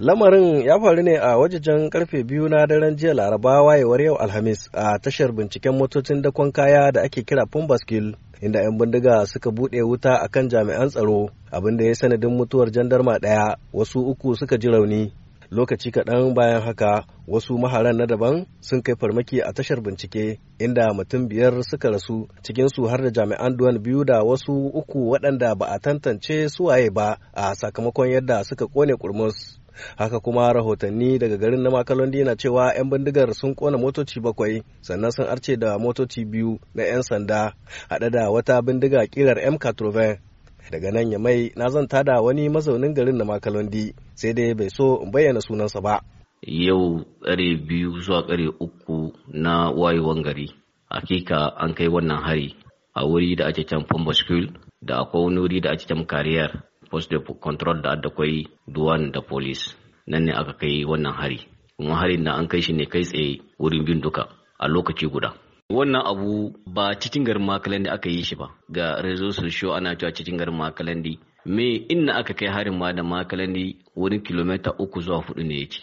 Lamarin ya faru ne a wajejen karfe biyu na daren jiya laraba wayewar yau Alhamis a tashar binciken motocin dakon kaya da ake kira Pumbaskil inda 'yan bindiga suka buɗe wuta akan jami'an tsaro abin da ya sanadin mutuwar jandarma ɗaya wasu uku suka ji rauni. Lokaci kaɗan bayan haka wasu maharan na daban sun kai farmaki a tashar bincike inda mutum biyar suka rasu cikinsu har da jami'an duwan biyu da wasu uku waɗanda ba a tantance suwaye ba a sakamakon yadda suka kone kurmus. haka kuma rahotanni daga garin na makalondi na cewa 'yan bindigar sun kona motoci bakwai sannan sun arce da motoci biyu na 'yan sanda haɗe da wata bindiga kirar m daga nan ya mai na zanta da wani mazaunin garin na makalondi sai dai bai so in bayyana sunansa ba yau kare biyu zuwa kare uku na wayewan gari hakika an kai wannan hari a wuri da ake can school da akwai wani wuri da ake can kariyar post de control da adda kwai duwan da police nan ne aka kai wannan hari kuma harin da an kai shi ne kai tsaye wurin bin duka a lokaci guda wannan abu ba cikin garin makalandi aka yi shi ba ga rezo show ana cewa cikin garin makalandi me inna aka kai harin ma da makalandi wurin kilomita uku zuwa hudu ne yake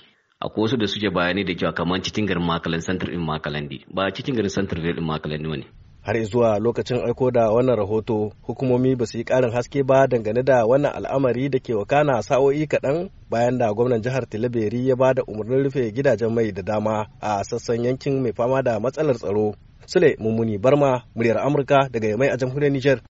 a wasu da suke bayani da cewa kamar cikin garin makalandi santar din makalandi ba cikin garin santar din makalandi ne har zuwa lokacin aiko da wannan rahoto hukumomi ba su yi karin haske ba dangane da wannan al'amari da ke wakana sa'o'i kaɗan bayan da gwamnan jihar tilaberi ya ba da umarnin rufe gidajen mai da dama a sassan yankin mai fama da matsalar tsaro sule mummuni barma muryar amurka daga yamai a jamhuriyar Nijar.